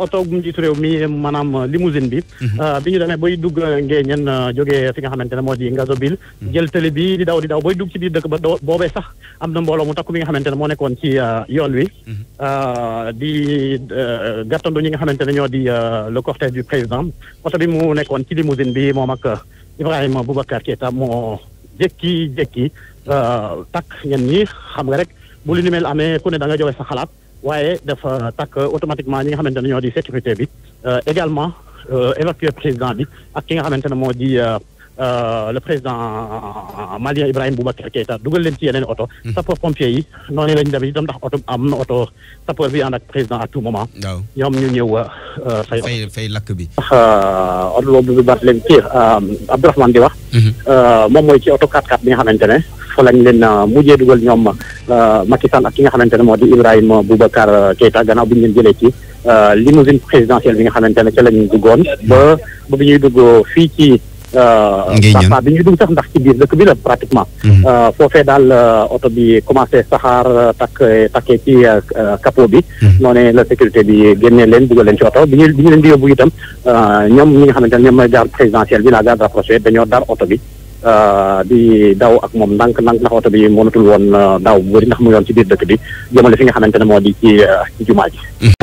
oto bu njiitu réew mi maanaam euh, limousine bi mhm. euh, bi ñu demee bay dugg euh, Ngéeñeen jógee fi nga xamante ne moo di Ngazobil mhm. jël télé bi di daw di daw bay dugg ci biir dëkk ba boobee sax am na mbooloo mu takku bi nga xamante ne moo nekkoon ci yoon wi mhm. di gàttandu ñi nga xamante ne ñoo di le cortège du président oto bi mu nekkoon ci limousine bi moom ak Ibrahima Boubacar Keita moo jékki jékki takk ñen ñi xam nga rek bu lu ni mel amee ku ne da nga joxe sa xalaat waaye dafa tak automatiquement ñi nga xamantene ñoo di sécurité bi euh, également euh, évacuer président bi ak ki nga xamantene ne moo di euh, euh, le président malien ibrahim Boubacar keita dugal leen ci yeneen oto. Mhm. sapeur pompier yi noonu lañ demee itam ndax oto am na oto sapeur bi ànd ak président à tout moment. waaw ñoom ñu ñëw euh, fay. fay fay lakk bi. ndax oto boobu bi baax leen kii Abdourahmane di wax. Mhm. moom mooy ci oto 4x4 bi nga xamantene fa lañ leen euh, mujjee dugal ñoom euh, ma Sall ak ki nga xamante ne moo di Ibrahima Boubacar Keita gannaaw bu ñu leen jëlee ci euh, limousine présidentielle bi nga xamante ne ca lañ duggoon ba bi ñuy dugg fii ci. safa bi ñuy dugg sax ndax ci biir dëkk bi la pratiquement foo mhm. foofee daal oto bi commencé saxaar takk takkee ci capot bi mhm. noonu la sécurité bi génnee leen dugal leen ci oto bi ñu bi ñu leen di yóbbu itam ñoom ñi nga xamante ne ñoom mooy garde présidentielle bi la garde rapprochée dañoo daal oto bi Ah, di daw ak mom ndank ndank ndax auto bi monatul won daw bu ndax mu yon ci biir dëkk bi jëmale fi nga xamantene moo di ah, ci eh, jumaa